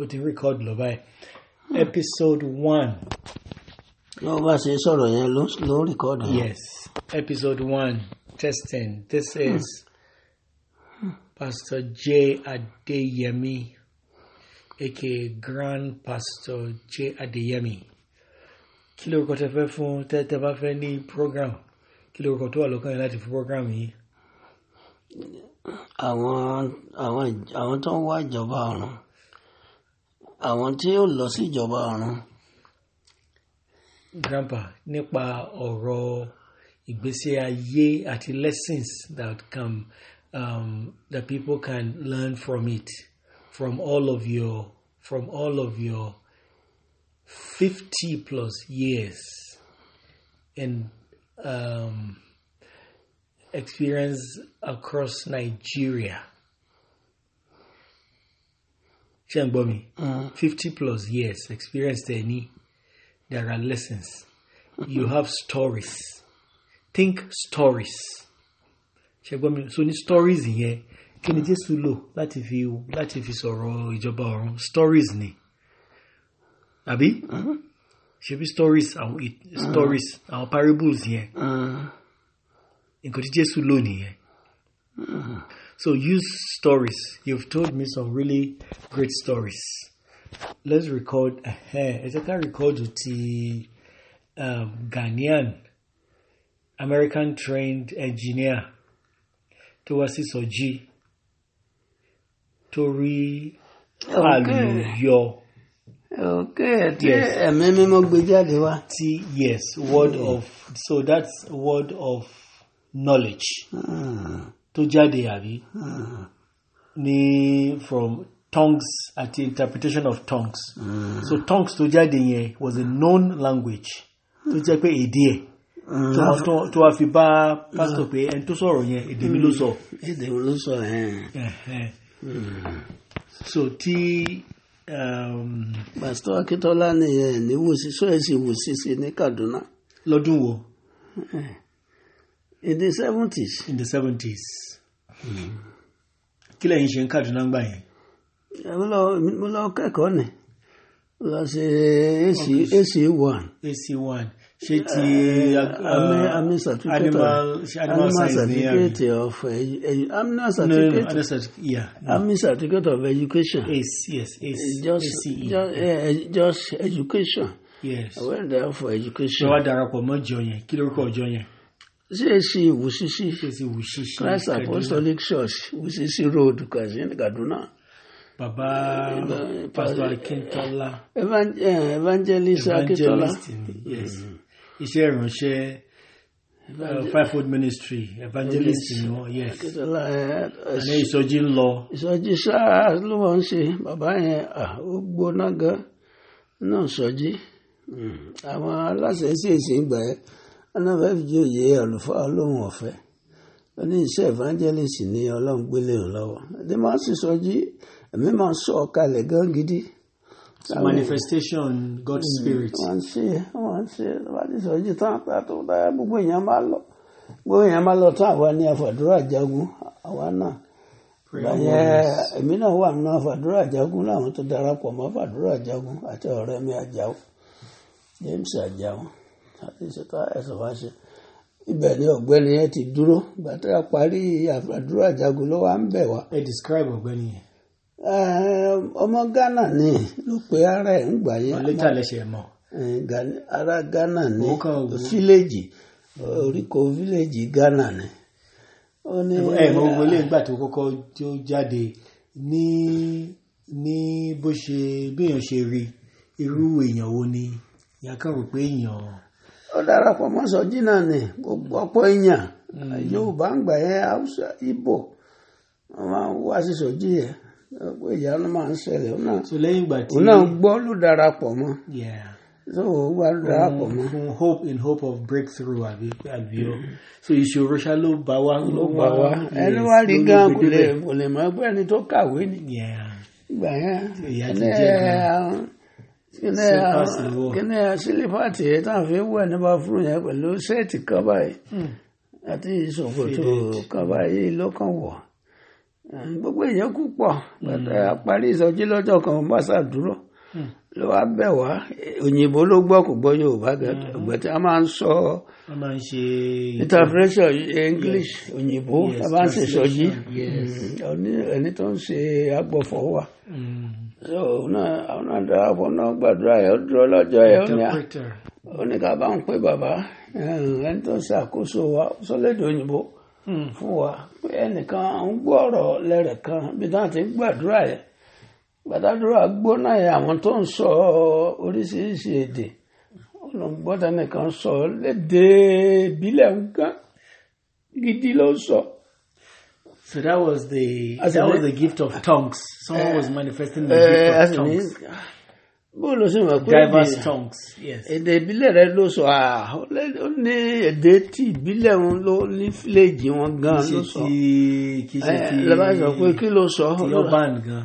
ó ti record lọ báyìí episode one. ló bá ṣe sọ̀rọ̀ yẹn ló ló record. yes episode one testing this hmm. is hmm. pastor j adeyemi aka grand pastor j adeyemi kí lórúkọ tẹ fẹ́ fún tẹ tẹ bá fẹ́ ní program kí lórúkọ tó wà lọ́kàn yẹn láti fún program yìí àwọn àwọn àwọn tó ń wá ìjọba ọ̀run àwọn tí ó lọ sí ìjọba ọ̀run. grandpa nípa ọ̀rọ̀ ìgbésí ayé àti lessons that come um, that people can learn from it from all of your from all of your fifty plus years and um, experience across Nigeria. ṣe ń gbọ́ mi mm. fifty plus years experience There, ni there are lessons you have stories think stories ṣe gbọ́ mi so ní stories yẹn kí ni Jésù lò láti fi láti fi sọ̀rọ̀ ìjọba ọ̀run stories ni àbí mm-hmm. ṣe bí stories àwọn stories mm. àwọn parables yẹn mm. nǹkan tí Jésù lò nìyẹn. Mm-hmm. So use stories. You've told me some really great stories. Let's record. Ẹ jẹ́ ká record the um, Ghanaian American trained engineer tó oh, oh, wá sí Sọjí tó rí àlù Okay, Yes. ẹ̀mí yes, word mm. of so that's word of knowledge. Mm tó jáde àbí ah. ní from tongues àti interpretation of tongues mm. so tongues tó jáde yẹn was a known language tó jẹ́ pé èdè ẹ̀ ah. tó wá fi bá pásítọ̀ pé ẹni tó sọ̀rọ̀ yẹn èdè mi ló sọ. Mm. èdè mi ló sọ mm. so tí. Um, pásítọ̀ akíntola nìyẹn ní wòsí sọ́yẹ́sì wòsí sí ní Kaduna. lọ́dún wo. Eh in the seventies. in the seventies. Hmm. kí lẹ́yìn ṣe ń Kaduna ń gbà yẹn. mo lọ kẹ́kọ̀ọ́ ni mo lọ ṣe ac one. ac one ṣe ti eh, uh, animal certificate of e, e, animal certificate animal certificate of education. yes yes e. just eh, eh, just education. yes. well done for education. ṣé wàá darapọ̀ mọ́ jọ yẹn kí lórúkọ jọ yẹn. CAC Wusisi Christ Apostolic Church Wusisi Road Kaduna. Baba Eba, Pastor Akintola. Evan, eh, evangelist, evangelist Akintola. Mm-hmm. Yes. Iṣẹ́ ìránṣẹ́ uh, Fivefold Ministry Evangelist ni wọ́n yes. Akintola ẹ eh, ẹ ìsọjí ń lọ. Ìsọjí sáà ló wọ́n ń ṣe bàbá yẹn ó gbóná gan náà sọjí. Mm. Àwọn aláṣẹ ṣèṣì ń gbà ẹ́ anáfẹ́fìjòyè àlùfáà lóhùn ọ̀fẹ́ ní iṣẹ́ evangelist ní ọlọ́run gbélé hàn lọ́wọ́ ẹni máa sì sọ jí ẹ̀mí máa sọ manifestation God hmm, spirit. wọ́n ṣe wọ́n ṣe wọ́n ti sọ tán tó dáa gbogbo èèyàn máa lọ gbogbo èèyàn máa lọ tán àwa ní àfàdúrà jagun àwa náà báyẹn èmi náà wà nínú àfàdúrà jagun láwọn tó darapọ̀ mọ́ àfàdúrà jagun àti ọ̀rẹ́ mi àjàó James àjàó. àti ìṣẹ̀ká ẹ̀sọ̀ wá ṣe ibẹ̀ ni ọ̀gbẹ́ni yẹn ti dúró ìgbà parí àdúrà jagun ló wá ń bẹ̀ wá. ẹ describe ọ̀gbẹ́ni yẹn. ọmọ Ghana ni ló pe ara ẹ̀ ń gbà yẹn. ọ̀lẹ́tà lẹ́sẹ̀ mọ̀. ara Ghana ni fíléèjì oríkò fíléèjì Ghana ni. ẹ mọ gbogbo ilé ìgbà tó kọ́kọ́ tó ní ní bó ṣe ni rò pé ó darapọ̀ mọ́sọ̀ jìnnà ni gbogbo ọ̀pọ̀ èèyàn hmm. yorùbá ń gbà yẹn haúsá ìbò wọn máa ń wá sí sọjí yẹn gbogbo ìyá ló máa ń ṣẹlẹ̀ òun náà òun náà gbọ́ ló darapọ̀ mọ́ so wà ló darapọ̀ mọ́. fún hope in hope of breakthrough àbí àbí o so ìṣòro ṣá ló bá wa ló bá wa. ẹni wá rí gan kò lè mọ̀ ẹgbẹ́ ẹni tó kàwé ni ìgbà yẹn ẹni ẹ kíní sílífàtì yẹn tá à ń fi wẹ̀ ní báfúrú yẹn pẹ̀lú sẹ́ẹ̀tì kan báyìí hmm. àti ìṣòkòtò kan báyìí lọ́kàn wọ̀ gbogbo èèyàn kú pọ̀ hmm. àparí ìsọjí lọ́jọ́ kan bá ṣàdúró hmm ló wá bẹ̀ wá òyìnbó ló gbọ́ kò gbọ́ yorùbá gbẹ̀tẹ́ mm. a máa ń sọ interpretation english òyìnbó a máa ń ṣe sọjí mm. ẹni tó ń ṣe agbọ̀fọ̀ mm. wa so ọ̀nà darapọ̀ náà gbàdúrà ẹ̀ ó dúró lọ́jọ́ ẹ̀ ó ní à ó ní ká bá ń pè bàbá ẹni tó ń ṣàkóso wa sọlẹ́dọ̀ òyìnbó fún wa pé ẹnìkan ń gbọ́ ọ̀rọ̀ lẹ́rẹ̀ kan bí táwọn ti ń gbàdúrà yẹn gbàdádúrà gbóná yẹn àwọn tó ń sọ oríṣiríṣi èdè olùgbọ́dá nìkan sọ léde ìbílẹ̀ nǹkan gidi ló sọ. So that was the as that was the gift of tongues. Someone uh, was manifesting the uh, gift of tongues. Bó ló mọ̀ pé tongues. Yes. Èdè ìbílẹ̀ rẹ ló sọ ó ní èdè tí ìbílẹ̀ wọn ló ní fíléèjì wọn gan ló sọ. Kì í eh, sọ pé kí ló sọ. Ti Yorùbá gan.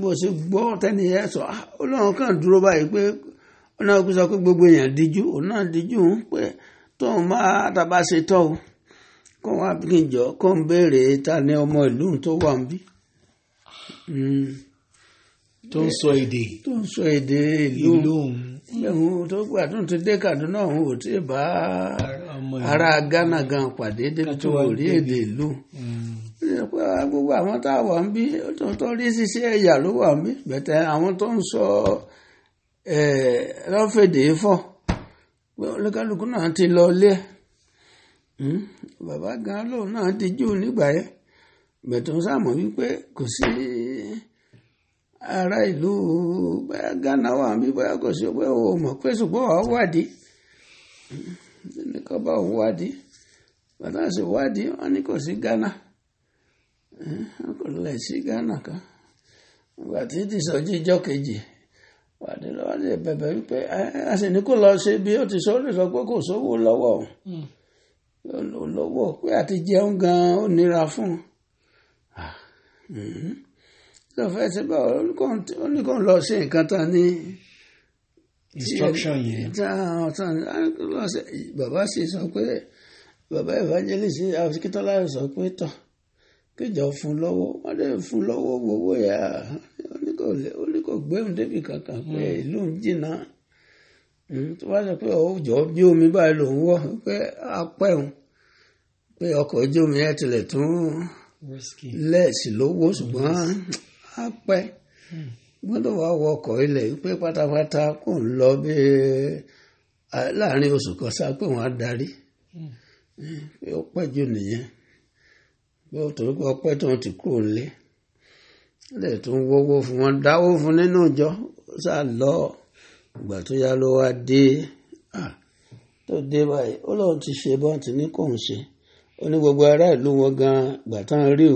mo ṣe gbọ́ tẹ́ni ẹ sọ ah, ọlọ́run kàn dúró báyìí pé ọlọ́run kò sọ pé gbogbo èèyàn díjú òun náà díjú ń pé tóun máa tàbá ṣe tọ́ o kó wọn àbíkíjọ kó ń béèrè ta ni ọmọ ìlú tó wà ń bí. Hmm. tó ń sọ èdè tó ń sọ èdè ìlú òun tó gbà tó ń ti dé Kaduna òun ò tí ì bá ara Ghana gan pàdé débi tó wò rí èdè ìlú. Mm pé ah, gbogbo àwọn tá a wà ń bí tó torí ṣíṣe ẹ̀yà ló wà ń bí bẹ̀tẹ̀ àwọn tó ń sọ lọ́fẹ̀dẹ̀ fọ̀ pé olúkálùkù náà ti lọ ilé ẹ̀ hmm? bàbá gan lòun náà ti jù nígbà yẹn bẹ̀tẹ̀ ń sàmọ̀ wípé kò sí ará ìlú bẹ́ẹ̀ Ghana wà ń bí bẹ́ẹ̀ kò sí pé òun mọ̀ pé ṣùgbọ́n wàá wádìí hmm? nìkan bá òun wádìí bàtà sì wádìí wọn ní kò sí Ghana kò lè sí Ghana kan ìgbà tí ti sọ jíjọ́ kejì pàdé lọ́wọ́ lè bẹ̀bẹ̀ wípé a sì ní kó lọ ṣe bí ó ti sọ ó lè sọ pé kò sówó lọ́wọ́ olówó hmm. pé àti jẹun gan-an ó nira fún un lọ fẹ́ ṣe bá ó ní kó lọ ṣe nǹkan tán ní. instruction yẹn. bàbá sì sọ pé bàbá evangelist Akíntọ́lá sọ pé tán. kíjọ fún lọ́wọ́ wọ́n lè fún lọ́wọ́ gbogbo yá ó ní débi kankan pé hmm. ìlú ń jìnnà hmm, tó bá pé bí omi báyìí lòún wọ́ pé apẹ́hùn pé ọkọ̀ ojú omi ẹ̀ tilẹ̀ tún lẹ́ẹ̀sì lówó ṣùgbọ́n hmm. lọ bí láàrin oṣù kan sá pé wọ́n á darí yóò torí pé ọpẹ́ tó ti kúrò lé lè tún wọ́wọ́ fún wọn dáwó fún nínú ìjọ sá lọ ìgbà tó yá ló wá dé tó dé báyìí ó lóun ti ṣe bọ́n ti ní kóun ṣe ó ní gbogbo ará ìlú wọn gan ìgbà tán rí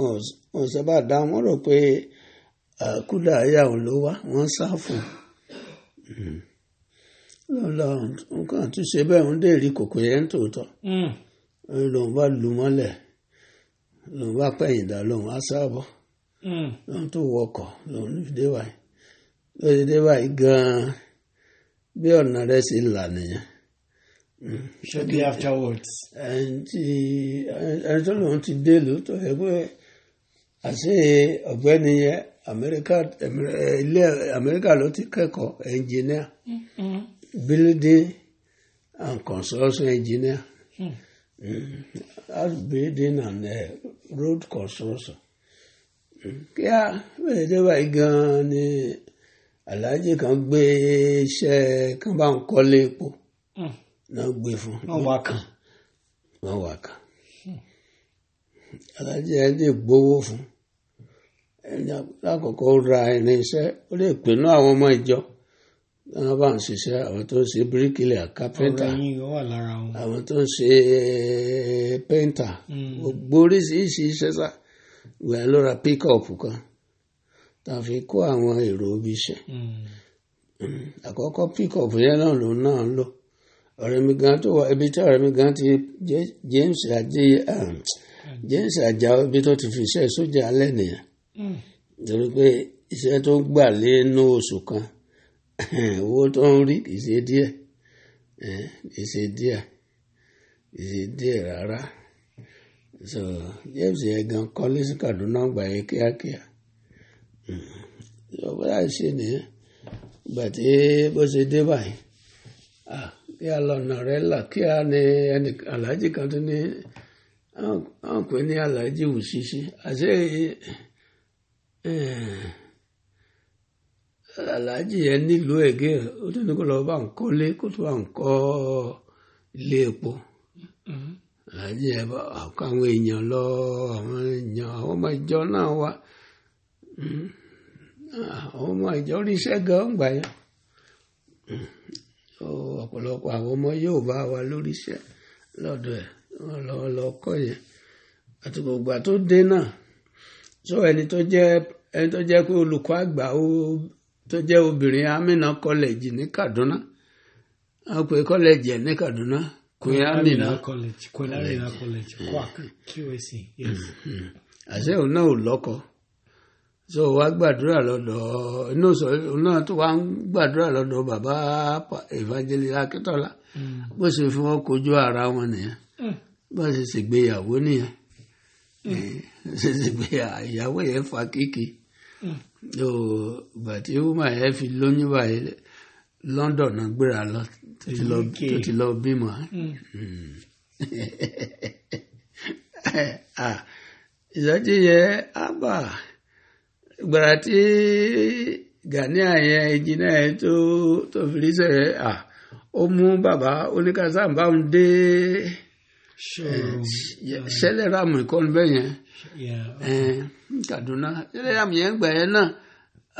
òun wọn sábà dá wọn rò pé kúdà ayé àwọn ló wá wọn sá fún un hmm. lọ́la nǹkan àtúnṣe bẹ́ẹ̀ ń dé rí kòkòrò yẹn tòótọ́ hmm. lòun bá lù mọ́lẹ̀. lo bá pẹ̀yìn dà lòun á sáàbọ̀ hmm. tó wọkọ̀ lòun dé wáyé ló dé wáyé gan-an bí ọ̀nà rẹ̀ sì là nìyẹn. Hmm. shortly afterwards. ẹni tó ti dé ló tó yẹ pé àṣé ọ̀gbẹ́ni yẹn amẹ́ríkà ilé amẹ́ríkà ló ti kẹ́kọ̀ọ́ ẹnjìníà hmm. and construction Eh, arbeidet na eh, road construction. kíá bẹ́ẹ̀ dé báyìí gan ka ni aláàjì kan gbé iṣẹ́ kan bá ń kọ́lé epo hmm. náà gbé fún. wọ́n wà kàn. wọ́n wà wọ́n bá ń ṣiṣẹ́ àwọn tó ń ṣe bíríkìlà kápẹ́ntà àwọn tó ń ṣe eh, pẹ́ntà hmm. gbogbo oríṣiríṣi iṣẹ́ sá ìgbà ló ra kan tá a fi kó àwọn èrò ibi iṣẹ́ hmm. àkọ́kọ́ píkọ̀pù yẹn náà lòun náà lò ọ̀rẹ́ tó wà ibi tí ọ̀rẹ́ ti James ajé eh, James Àjàó ibi tó ti fi iṣẹ́ sójà alẹ́ nìyẹn hmm. torí pé iṣẹ́ tó gbà lé nú oṣù kan owó tó ń rí kì í ṣe díẹ̀ kì í ṣe díẹ̀ kì í ṣe díẹ̀ rárá so James yẹn gan kọ́lé sí Kaduna gbà yẹn kíákíá ọ̀pọ̀ láì ṣe nìyẹn ìgbà tí bó ṣe dé báyìí kí a lọ ọ̀nà rẹ̀ là kí a ní ẹnì aláàjì kan tó ní àwọn pè ní aláàjì Wùsísí àṣẹ aláàjì yẹn nílùú ẹgẹ ó tún ní kó lọ bá ń kọ́lé kó tó bá ń kọ́ ilé epo mm-hmm. aláàjì yẹn bá àwọn èèyàn lọ àwọn èèyàn àwọn ọmọ ìjọ náà wá mm-hmm. àwọn ọmọ ìjọ ríṣẹ́ gan gbà yẹn mm-hmm. ọ̀pọ̀lọpọ̀ àwọn ọmọ yóò bá wa lóríṣẹ́ lọ́dọ̀ ẹ̀ wọ́n lọ lọ kọ́ yẹn àti gbogbo àti náà sọ ẹni tó jẹ́ ẹni tó jẹ́ pé olùkọ́ àgbà ó tó jẹ́ obìnrin amina kọ́lẹ́jì ní Kaduna a pè kọ́lẹ́jì ẹ̀ ní Kaduna Queen Amina kọ́lẹ́jì Queen Amina kọ́lẹ́jì mm-hmm. kwak QAC yes. Mm-hmm. àṣẹ òun náà ò lọ́kọ so wàá gbàdúrà lọ́dọ̀ inú sọ òun náà tó wàá gbàdúrà lọ́dọ̀ bàbá Evangelist Akíntọ́lá mm. bó ṣe fi wọn kojú ara wọn nìyẹn mm. bó ṣe ṣègbéyàwó nìyẹn mm. eh, ṣe ṣègbéyàwó yẹn fa kéèké. ìgbà tí ma ẹ fi lóyún báyìí London náà gbéra lọ tó ti lọ bímọ mm. ah, ìdájí yẹn ábà gbara tí Gani yẹn ìjìnà yẹn tó tó fi rí sẹ́yìn ah, ó mú bàbá oníkàsáǹbá ń dé. showroom. Sẹ́lẹ̀ràm nìkan bẹ́ẹ̀ yẹn. Kaduna sẹ́lẹ̀ràm yẹn gbà yẹn náà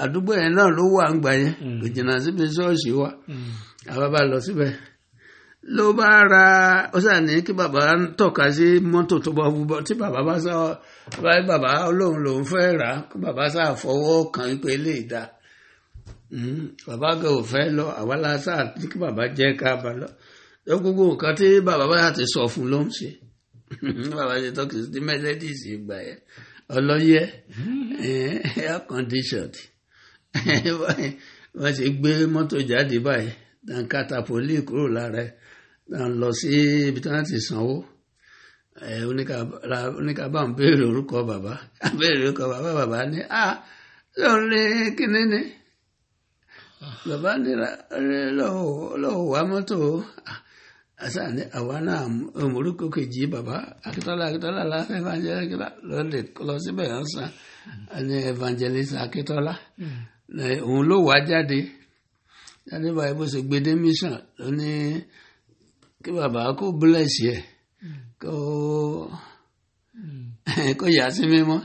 àdúgbò yẹn náà ló wà ń gbà yẹn mm. síbi mm. lọ síbẹ̀ ló bá ra ó kí sí mọ́tò tó bá wúbọ tí rà sà fọwọ́ pé lè da gẹ̀ lọ àwa la sà ní kí ẹ gbogbo nǹkan tí bàbá báyà ti sọ fún ló ń ṣe bàbá ṣe tọ́kì sí mercedes ìgbà yẹn ọlọ́yẹ hmm. eh, air conditioned wọ́n ṣe gbé mọ́tò jáde báyìí tàn katapoli kúrò lára ẹ̀ tàn lọ sí ibi tí wọ́n ti sanwó eh, oníkàbá ń béèrè orúkọ bàbá béèrè orúkọ bàbá bàbá ní à ló ń lé kínní ni ah. bàbá ní lọ́wọ́ wá mọ́tò o ah asante awana omuluko keji baba akitola hmm. hmm. akitola la evangelist akitola lọle lọ síbẹ̀ yẹn san ẹni evangelist akitola òun ló wá jáde jáde báyìí bó ṣe gbede mission ló ní kí baba kó bless yẹ kó kó yà sí mímọ́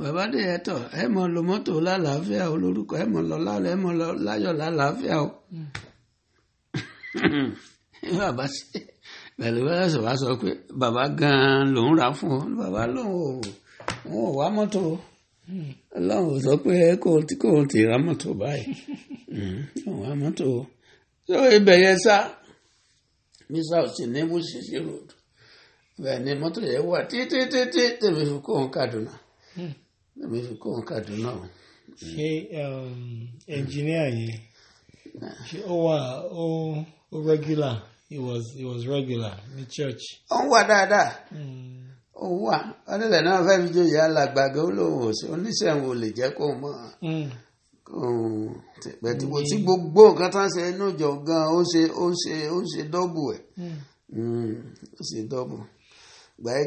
bàbá de ẹ tọ ẹ mọ lọ mọ́tò lálàáfíà olórúkọ ẹ mọ lọ láyọ̀ lálàáfíà o. Hmm. bàbá sí pẹ̀lú bẹ́lẹ́sẹ̀ wá sọ pé bàbá gan-an lòún rà fún ọ bàbá lòun ò wọn ò wá mọ́tò ọlọ́run ò sọ pé kò tí kò tí ra mọ́tò báyìí hmm, ò wá mọ́tò tó ibẹ̀ yẹn sá mísà ò sì ní wúṣíṣí road bẹ́ẹ̀ ni mọ́tò yẹn wà títítítí tèmi fi kóhun Kaduna hmm. tèmi fi kóhun Kaduna o. ṣé ẹnjìníà um, yẹn hmm. ṣé ó wà ó regular he was he was regular ní church. ó ń wà dáadáa hmm. ó ń wà ọlọ́lẹ̀ náà fẹ́ fi jòyè alàgbàgbé olóhùn oníṣẹ́wọ̀n ò lè jẹ́ kó mọ̀ hmm. pẹ̀tùkù tí hmm. gbogbo nǹkan tá ṣe inú ìjọ gan ó ṣe ó ṣe ó ṣe dọ́bù ẹ̀ ó ṣe dọ́bù gbàyẹ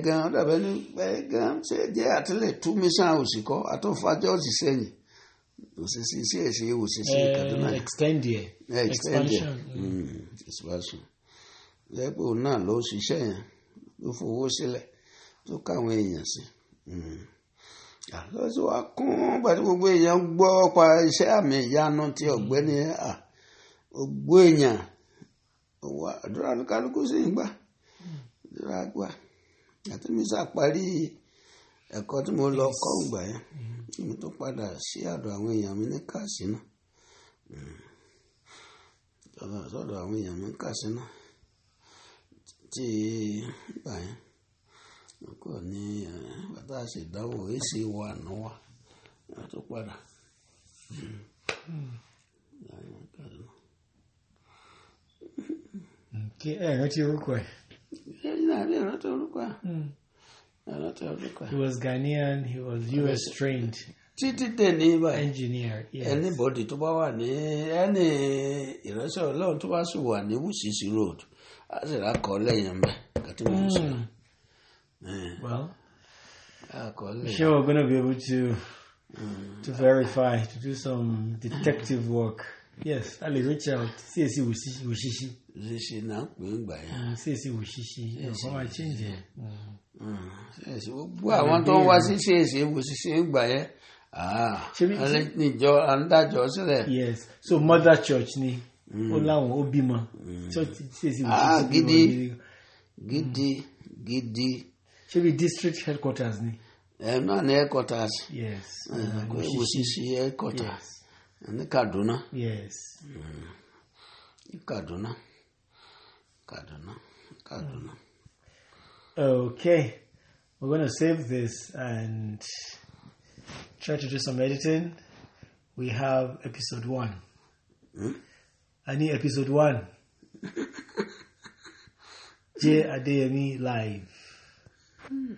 gan ó ṣe jẹ́ àtìlẹ̀ tú mi sáà òsì kọ́ àtọ́fájọ́ ọ̀sì sẹ́yìn osisi isi esi ewu osisi kaduna extend yẹ eh, extend yẹ expansion hmm, lẹ́pọ̀ náà ló ṣiṣẹ́ yẹn ló fowó sílẹ̀ tó káwọn èèyàn sí hmm. lọ́sọ̀ wa kún pàtó gbogbo èèyàn gbọ́ pa iṣẹ́ àmì ìyanu ti ọ̀gbẹ́ni hmm. gbogbo èèyàn wà àdúrà kálukú sí ń àdúrà gbà àti mísà parí ẹkọ tí mo lọ kọ ìgbà yẹn mo tó padà sí àdọ̀ àwọn èèyàn mi ní Katsina hmm. sọ́dọ̀ àwọn èèyàn mi ní Katsina tí ìgbà yẹn kò ní bàtà ṣèdánwò èsì wà padà. Hmm. kí ẹ rántí orúkọ ẹ. ẹ rántí orúkọ ẹ. Hmm. He was Ghanaian. He was U.S. trained. engineer yes. anybody tó bá any? ní ẹni ìránṣẹ́ ọlọ́run tó bá one. wà ní wusisi road á said I call him. Well, I mo well sure we're gonna be able to mm. to verify to do some detective work. yes a lè reach out csc òṣìṣì. òṣìṣì náà pè é gbà yẹn. csc òṣìṣì ẹ̀kọ́ máa change ẹ̀. csc mm. gbogbo àwọn tó ń wá sí csc òṣìṣì gbà yẹn ah, níjọ andájọ sílẹ̀. yes so mother church ni mm. ó láwọn ó bímọ church csc òṣìṣì gidi gidi gidi. ṣé bí district headquarters ni. ẹ̀ náà ni headquarters. yes. Ah, òṣìṣì headquarters. Yes. And the Kaduna? Yes. Mm. Kaduna. Kaduna. Kaduna. Okay. We're going to save this and try to do some editing. We have episode one. Hmm? I need episode one. J Adeyemi Live. Hmm.